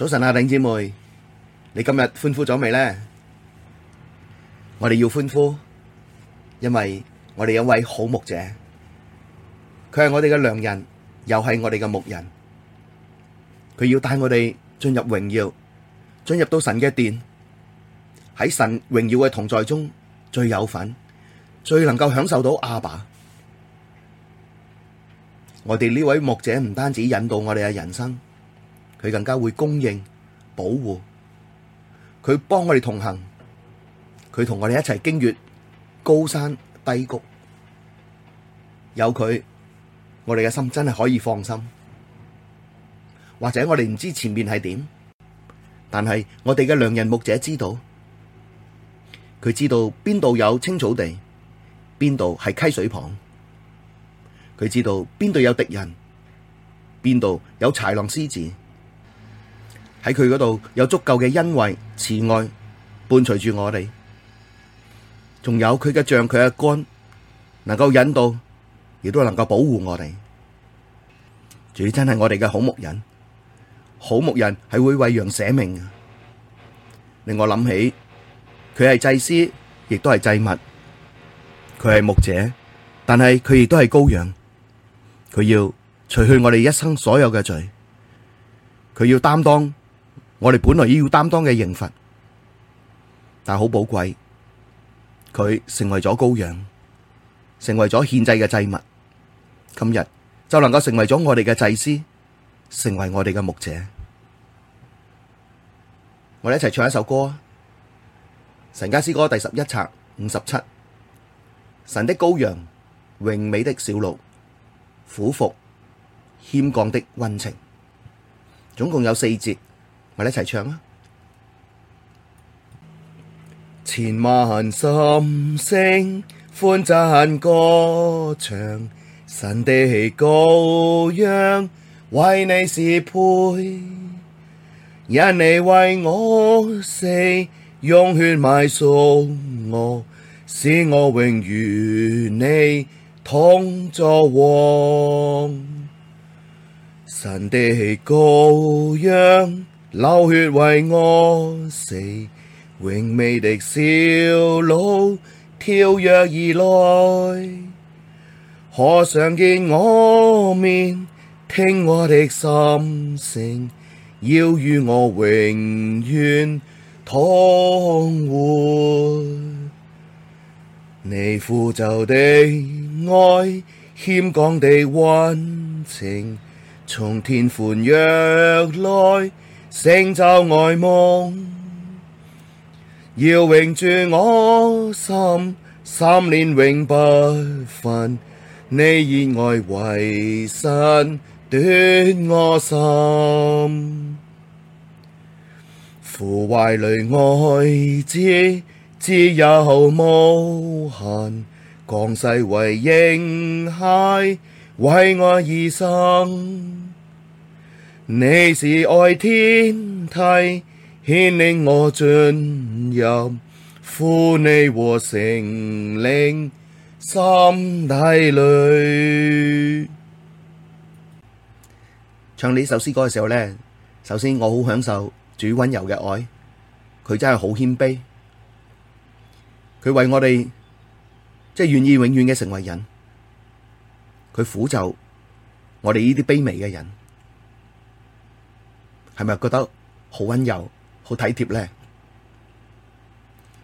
早晨啊，弟兄姊妹，你今日歡呼咗未呢？我哋要歡呼，因為我哋有位好牧者，佢係我哋嘅良人，又係我哋嘅牧人。佢要帶我哋進入榮耀，進入到神嘅殿，喺神榮耀嘅同在中最有份，最能夠享受到阿爸。我哋呢位牧者唔單止引導我哋嘅人生。佢更加會供應保護，佢幫我哋同行，佢同我哋一齊經越高山低谷，有佢，我哋嘅心真係可以放心。或者我哋唔知前面係點，但係我哋嘅良人牧者知道，佢知道邊度有青草地，邊度係溪水旁，佢知道邊度有敵人，邊度有豺狼獅子。喺佢嗰度有足夠嘅恩惠慈愛伴隨住我哋，仲有佢嘅杖、佢嘅竿，能夠引導，亦都能夠保護我哋。主真係我哋嘅好牧人，好牧人係會為羊捨命嘅。令我諗起，佢係祭司，亦都係祭物，佢係牧者，但係佢亦都係羔羊。佢要除去我哋一生所有嘅罪，佢要擔當。我哋本來要擔當嘅刑罰，但好寶貴，佢成為咗羔羊，成為咗獻祭嘅祭物。今日就能夠成為咗我哋嘅祭司，成為我哋嘅牧者。我哋一齊唱一首歌啊，《神家詩歌》第十一冊五十七，《神的羔羊，榮美的小鹿，俯就謙降的溫情》，總共有四節。我哋一齊唱啊！千萬心聲歡讚歌唱，神的羔羊為你是配！因你為我死，用血買贖我，使我永與你同作王。神的羔羊。流血為我死，榮美的小鹿跳躍而來，渴想見我面，聽我的心聲，要與我永遠同活。祢俯就的愛，謙降的溫情，從天歡躍來。成就愛夢，要永住我心，心連永不分。你以愛為神，奪我心，父懷裡愛子自有無限，降世為嬰孩，為我而生。你是愛天梯，牽領我進入父你和聖靈心底裡。唱呢首詩歌嘅時候呢，首先我好享受主溫柔嘅愛，佢真係好謙卑，佢為我哋即係願意永遠嘅成為人，佢俯就我哋呢啲卑微嘅人。係咪覺得好溫柔、好體貼咧？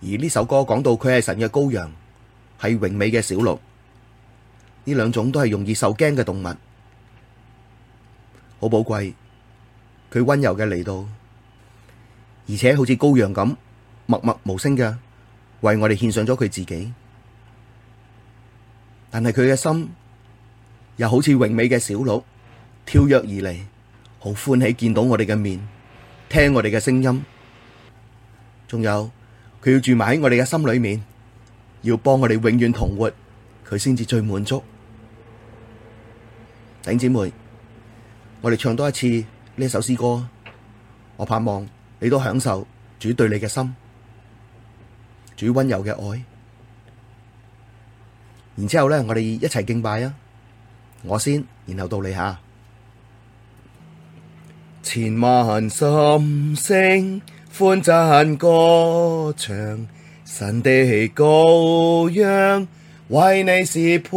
而呢首歌講到佢係神嘅羔羊，係榮美嘅小鹿，呢兩種都係容易受驚嘅動物，好寶貴。佢溫柔嘅嚟到，而且好似羔羊咁默默無聲嘅，為我哋獻上咗佢自己。但係佢嘅心又好似榮美嘅小鹿，跳躍而嚟。好歡喜見到我哋嘅面，聽我哋嘅聲音，仲有佢要住埋喺我哋嘅心裏面，要幫我哋永遠同活，佢先至最滿足。弟兄姊妹，我哋唱多一次呢首詩歌，我盼望你都享受主對你嘅心，主溫柔嘅愛。然之後咧，我哋一齊敬拜啊！我先，然後到你下。千萬心聲歡讚歌唱，神的羔羊為你是配，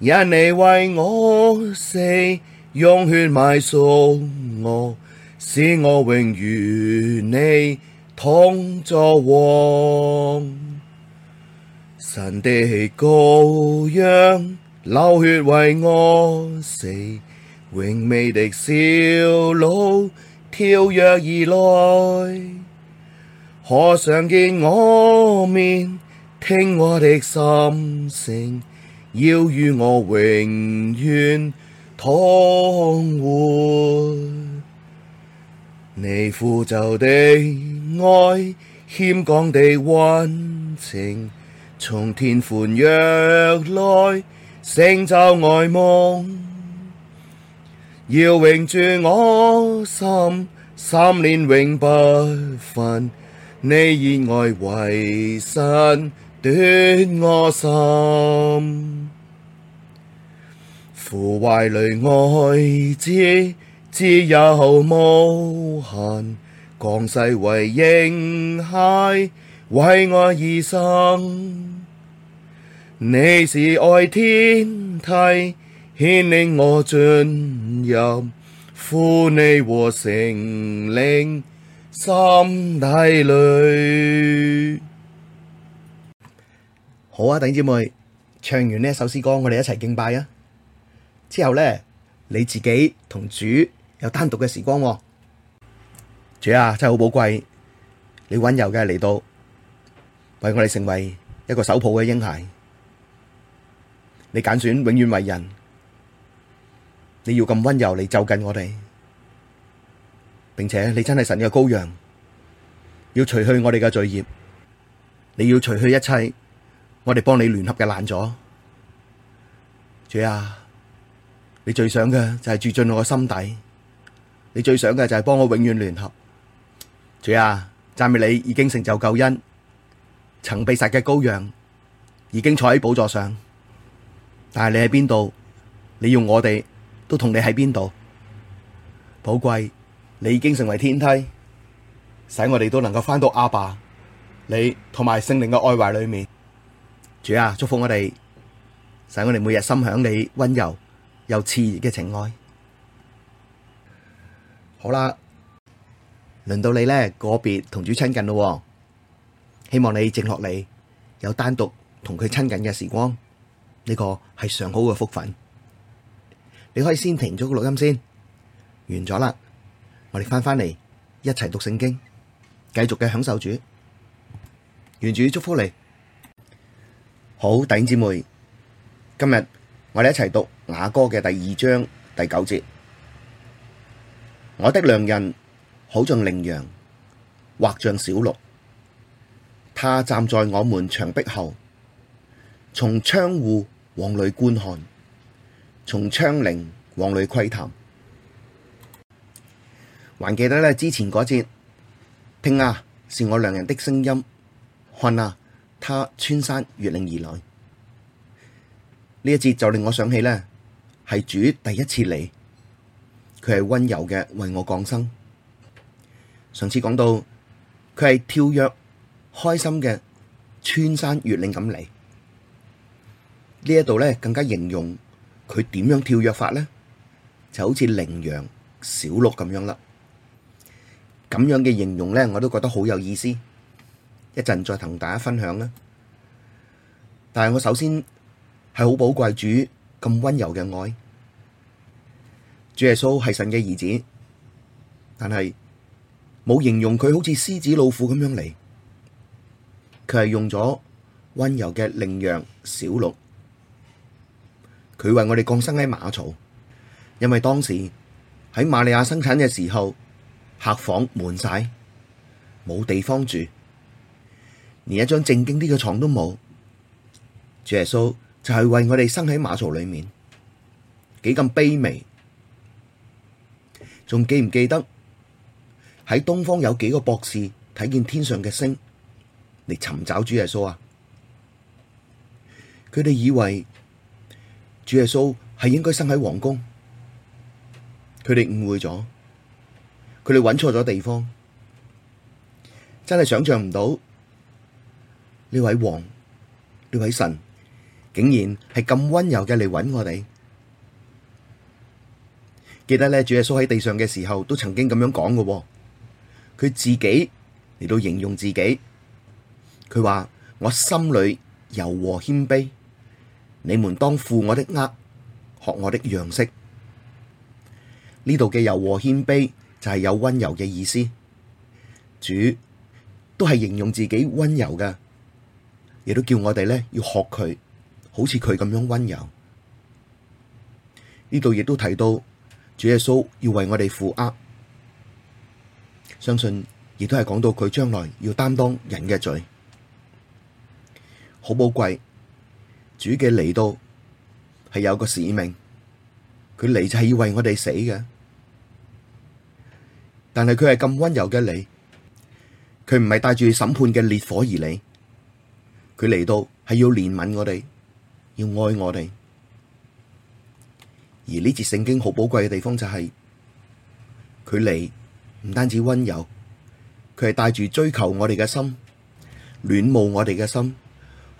因你為我死，用血買贖我，使我永與你同作王。神的羔羊流血為我死。榮美的小鹿跳躍而來，渴想見我面，聽我的心聲，要與我永遠同活。你俯就的愛，謙降的溫情，從天歡躍來，成就愛夢。要永住我心，心連永不分。你熱愛委身奪我心，父懷裡愛子，自有無限，降世為嬰孩，為愛而生。你是愛天梯。牽領我進入父你和聖靈心底裏。好啊，弟兄姊妹，唱完呢首詩歌，我哋一齊敬拜啊！之後呢，你自己同主有單獨嘅時光。啊，主啊，真係好寶貴，你溫柔嘅嚟到，為我哋成為一個手抱嘅嬰孩，你揀選永遠為人。你要咁溫柔嚟就近我哋，並且你真係神嘅羔羊，要除去我哋嘅罪孽。你要除去一切我哋幫你聯合嘅攔阻。主啊，你最想嘅就係住進我心底，你最想嘅就係幫我永遠聯合。主啊，讚美你已經成就救恩，曾被殺嘅羔羊已經坐喺寶座上，但係你喺邊度？你用我哋。都同你喺邊度？寶貴，你已經成為天梯，使我哋都能夠返到阿爸，你同埋聖靈嘅愛懷裡面。主啊，祝福我哋，使我哋每日心享你溫柔又熾熱嘅情愛。好啦，輪到你呢個別同主親近咯、哦。希望你靜落嚟，有單獨同佢親近嘅時光。呢個係上好嘅福分。你可以先停咗個錄音先，完咗啦。我哋翻返嚟一齊讀聖經，繼續嘅享受主。願主祝福你。好，弟兄姊妹，今日我哋一齊讀雅歌嘅第二章第九節。我的良人好像羚羊，或像小鹿，他站在我們牆壁後，從窗戶往裡觀看。從窗棂往裏窺探，還記得咧之前嗰節，聽啊，是我良人的聲音，看啊，他穿山越嶺而來。呢一節就令我想起咧，係主第一次嚟，佢係温柔嘅為我降生。上次講到佢係跳躍開心嘅，穿山越嶺咁嚟，呢一度咧更加形容。佢點樣跳躍法咧，就好似羚羊小鹿咁樣啦。咁樣嘅形容咧，我都覺得好有意思。一陣再同大家分享啦。但係我首先係好寶貴主咁溫柔嘅愛，主耶穌係神嘅兒子，但係冇形容佢好似獅子、老虎咁樣嚟，佢係用咗溫柔嘅羚羊小鹿。佢為我哋降生喺馬槽，因為當時喺瑪利亞生產嘅時候，客房滿晒，冇地方住，連一張正經啲嘅床都冇。主耶穌就係為我哋生喺馬槽裏面，幾咁卑微。仲記唔記得喺東方有幾個博士睇見天上嘅星嚟尋找主耶穌啊？佢哋以為。主耶穌係應該生喺皇宮，佢哋誤會咗，佢哋揾錯咗地方，真係想象唔到呢位王，呢位神竟然係咁温柔嘅嚟揾我哋。記得咧，主耶穌喺地上嘅時候都曾經咁樣講嘅，佢自己嚟到形容自己，佢話我心裏柔和謙卑。你們當負我的軛，學我的樣式。呢度嘅柔和謙卑就係有溫柔嘅意思。主都係形容自己溫柔嘅，亦都叫我哋咧要學佢，好似佢咁樣溫柔。呢度亦都提到主耶穌要為我哋負軛。相信亦都係講到佢將來要擔當人嘅罪，好寶貴。主嘅嚟到係有個使命，佢嚟就係要為我哋死嘅，但係佢係咁溫柔嘅嚟，佢唔係帶住審判嘅烈火而嚟，佢嚟到係要憐憫我哋，要愛我哋。而呢節聖經好寶貴嘅地方就係、是，佢嚟唔單止溫柔，佢係帶住追求我哋嘅心，戀慕我哋嘅心。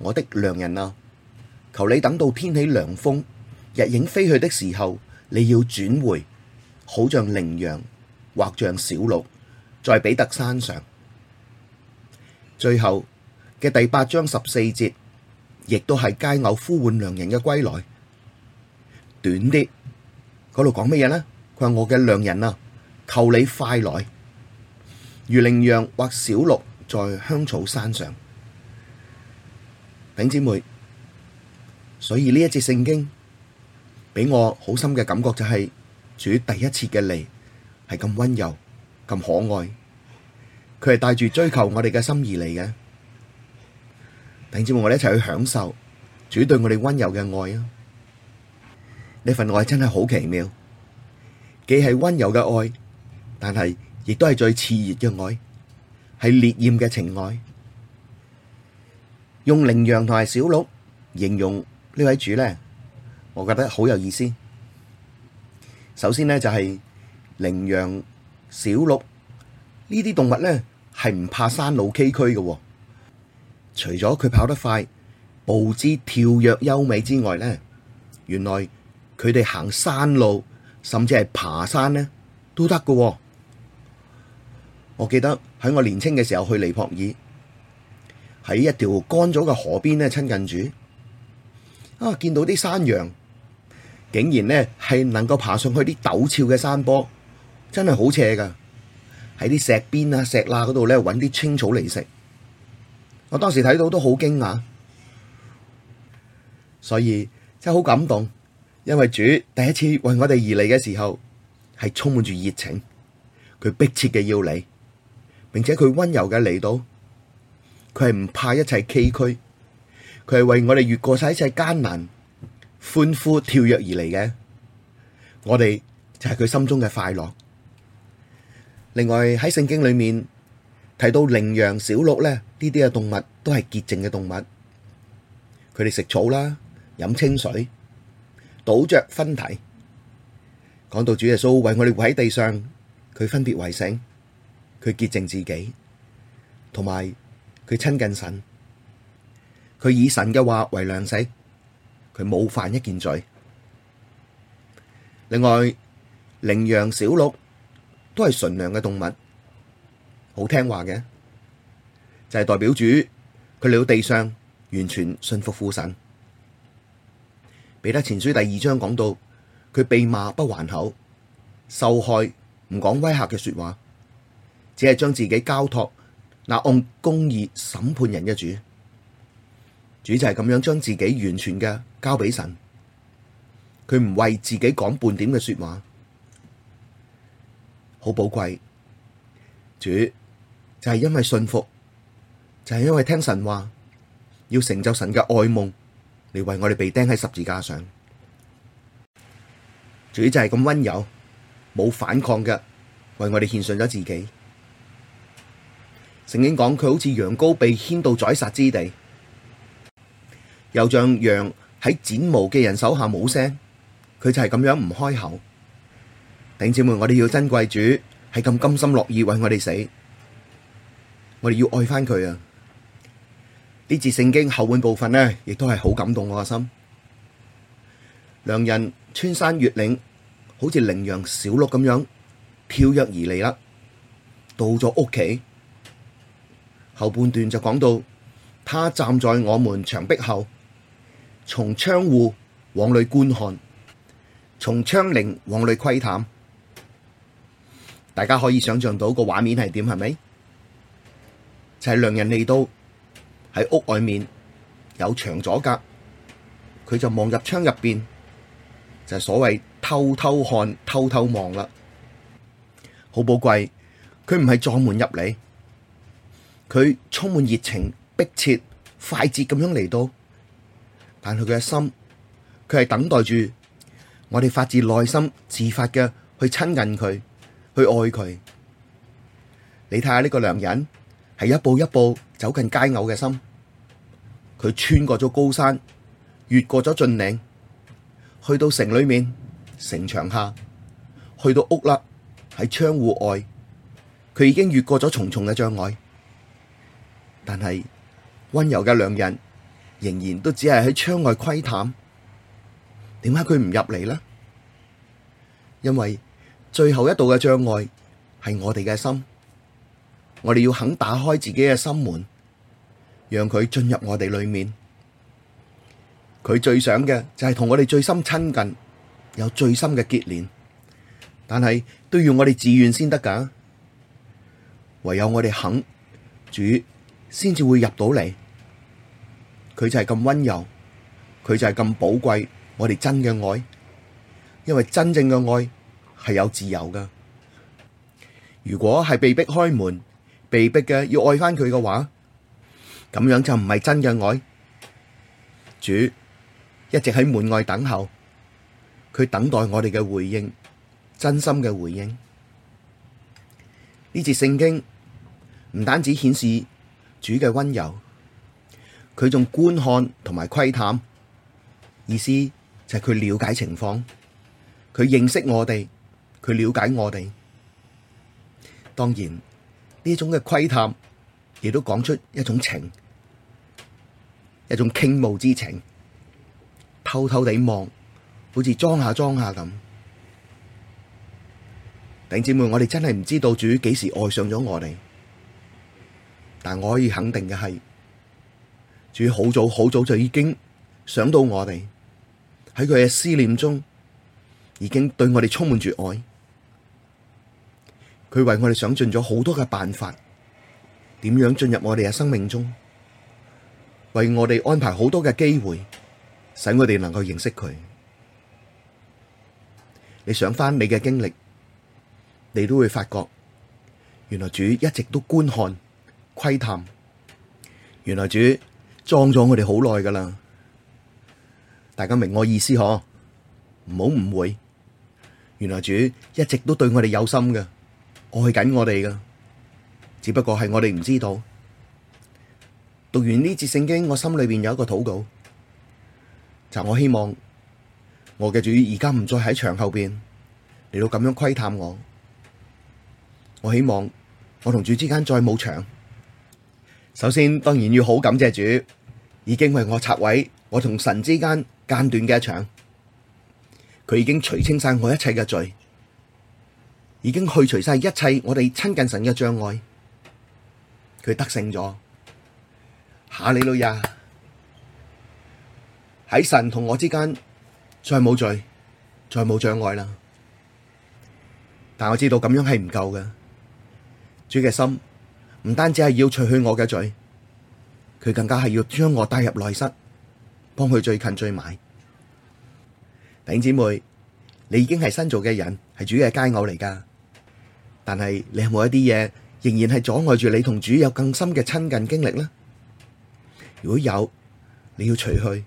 我的良人啊，求你等到天起涼風、日影飛去的時候，你要轉回，好像羚羊或像小鹿，在比特山上。最後嘅第八章十四節，亦都係佳偶呼喚良人嘅歸來。短啲嗰度講乜嘢呢？佢話：我嘅良人啊，求你快來，如羚羊或小鹿，在香草山上。弟兄姊妹，所以呢一節聖經俾我好深嘅感覺就係主第一次嘅嚟係咁溫柔咁可愛，佢係帶住追求我哋嘅心而嚟嘅。弟兄姊妹，我哋一齊去享受主對我哋溫柔嘅愛啊！呢份愛真係好奇妙，既係溫柔嘅愛，但係亦都係最熾熱嘅愛，係烈焰嘅情愛。用羚羊同埋小鹿形容呢位主呢，我覺得好有意思。首先呢，就係、是、羚羊、小鹿呢啲動物呢，係唔怕山路崎嶇嘅，除咗佢跑得快、步姿跳躍優美之外呢，原來佢哋行山路甚至係爬山呢，都得嘅。我記得喺我年輕嘅時候去尼泊爾。喺一條乾咗嘅河邊咧親近住，啊見到啲山羊竟然咧係能夠爬上去啲陡峭嘅山坡，真係好斜噶！喺啲石邊啊、石罅嗰度咧揾啲青草嚟食，我當時睇到都好驚訝，所以真係好感動，因為主第一次為我哋而嚟嘅時候係充滿住熱情，佢迫切嘅要嚟，並且佢溫柔嘅嚟到。佢係唔怕一切崎嶇，佢係為我哋越過晒一切艱難，歡呼跳躍而嚟嘅。我哋就係佢心中嘅快樂。另外喺聖經裏面提到羚羊、小鹿咧呢啲嘅動物都係潔淨嘅動物，佢哋食草啦，飲清水，倒着分體。講到主耶穌為我哋活喺地上，佢分別為聖，佢潔淨自己，同埋。佢親近神，佢以神嘅話為糧食，佢冇犯一件罪。另外，羚羊小鹿都係純良嘅動物，好聽話嘅，就係、是、代表主佢嚟到地上完全信服父神。彼得前書第二章講到，佢被罵不還口，受害唔講威嚇嘅說話，只係將自己交託。那按公義審判人嘅主，主就係咁樣將自己完全嘅交俾神，佢唔為自己講半點嘅說話，好寶貴。主就係因為信服，就係、是、因為聽神話，要成就神嘅愛夢，嚟為我哋被釘喺十字架上。主就係咁溫柔，冇反抗嘅，為我哋獻上咗自己。聖經講佢好似羊羔，被牽到宰殺之地，又像羊喺剪毛嘅人手下冇聲，佢就係咁樣唔開口。弟兄姊妹，我哋要珍貴主係咁甘心樂意為我哋死，我哋要愛返佢啊！呢節聖經後半部分呢，亦都係好感動我個心。良人穿山越嶺，好似羚羊小鹿咁樣跳躍而嚟啦，到咗屋企。後半段就講到，他站在我們牆壁後，從窗戶往裡觀看，從窗棂往裡窺探，大家可以想象到個畫面係點，係咪？就係、是、兩人嚟到喺屋外面，有牆阻隔，佢就望入窗入邊，就係、所謂偷偷看、偷偷望啦，好寶貴，佢唔係撞門入嚟。佢充滿熱情、迫切、快捷咁樣嚟到，但佢嘅心，佢係等待住我哋發自內心、自發嘅去親近佢、去愛佢。你睇下呢個良人，係一步一步走近佳偶嘅心。佢穿過咗高山，越過咗峻嶺，去到城裏面、城牆下，去到屋啦，喺窗戶外，佢已經越過咗重重嘅障礙。但係溫柔嘅良人仍然都只係喺窗外窺探，點解佢唔入嚟呢？因為最後一度嘅障礙係我哋嘅心，我哋要肯打開自己嘅心門，讓佢進入我哋裏面。佢最想嘅就係同我哋最深親近，有最深嘅結連，但係都要我哋自願先得噶。唯有我哋肯主。先至會入到嚟，佢就係咁溫柔，佢就係咁寶貴。我哋真嘅愛，因為真正嘅愛係有自由噶。如果係被逼開門，被逼嘅要愛翻佢嘅話，咁樣就唔係真嘅愛。主一直喺門外等候，佢等待我哋嘅回應，真心嘅回應。呢節聖經唔單止顯示。主嘅温柔，佢仲觀看同埋窺探，意思就係佢了解情況，佢認識我哋，佢了解我哋。當然呢種嘅窺探，亦都講出一種情，一種傾慕之情，偷偷地望，好似裝下裝下咁。弟姐妹，我哋真係唔知道主幾時愛上咗我哋。但我可以肯定嘅係，主好早好早就已經想到我哋，喺佢嘅思念中，已經對我哋充滿住愛。佢為我哋想盡咗好多嘅辦法，點樣進入我哋嘅生命中，為我哋安排好多嘅機會，使我哋能夠認識佢。你想返你嘅經歷，你都會發覺，原來主一直都觀看。窺探，原來主裝咗我哋好耐噶啦，大家明我意思嗬？唔好誤會，原來主一直都對我哋有心嘅，愛緊我哋噶，只不過係我哋唔知道。讀完呢節聖經，我心裏邊有一個禱告，就我希望我嘅主而家唔再喺牆後邊嚟到咁樣窺探我，我希望我同主之間再冇牆。首先，當然要好感謝主，已經為我拆毀，我同神之間間斷嘅一場，佢已經除清晒我一切嘅罪，已經去除晒一切我哋親近神嘅障礙，佢得勝咗。哈利路亞！喺神同我之間再冇罪，再冇障礙啦。但我知道咁樣係唔夠嘅，主嘅心。唔單止係要除去我嘅罪，佢更加係要將我帶入內室，幫佢最近最埋。弟兄姊妹，你已經係新造嘅人，係主嘅佳偶嚟噶。但係你有冇一啲嘢仍然係阻礙住你同主有更深嘅親近經歷呢？如果有，你要除去。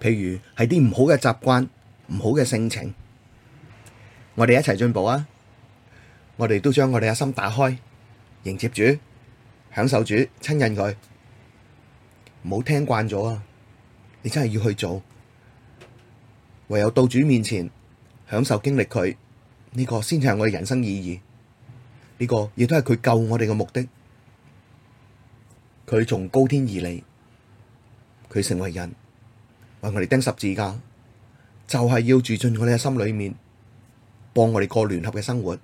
譬如係啲唔好嘅習慣、唔好嘅性情，我哋一齊進步啊！我哋都將我哋嘅心打開。迎接主，享受主，親近佢，唔好聽慣咗啊！你真係要去做，唯有到主面前享受經歷佢呢、這個，先至係我哋人生意義。呢、這個亦都係佢救我哋嘅目的。佢從高天而嚟，佢成為人，為我哋釘十字架，就係、是、要住進我哋嘅心裏面，幫我哋過聯合嘅生活。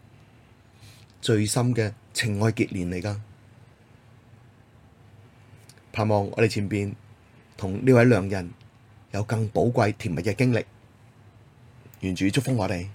最深嘅情愛結連嚟㗎，盼望我哋前面同呢位良人有更寶貴甜蜜嘅經歷，願主祝福我哋。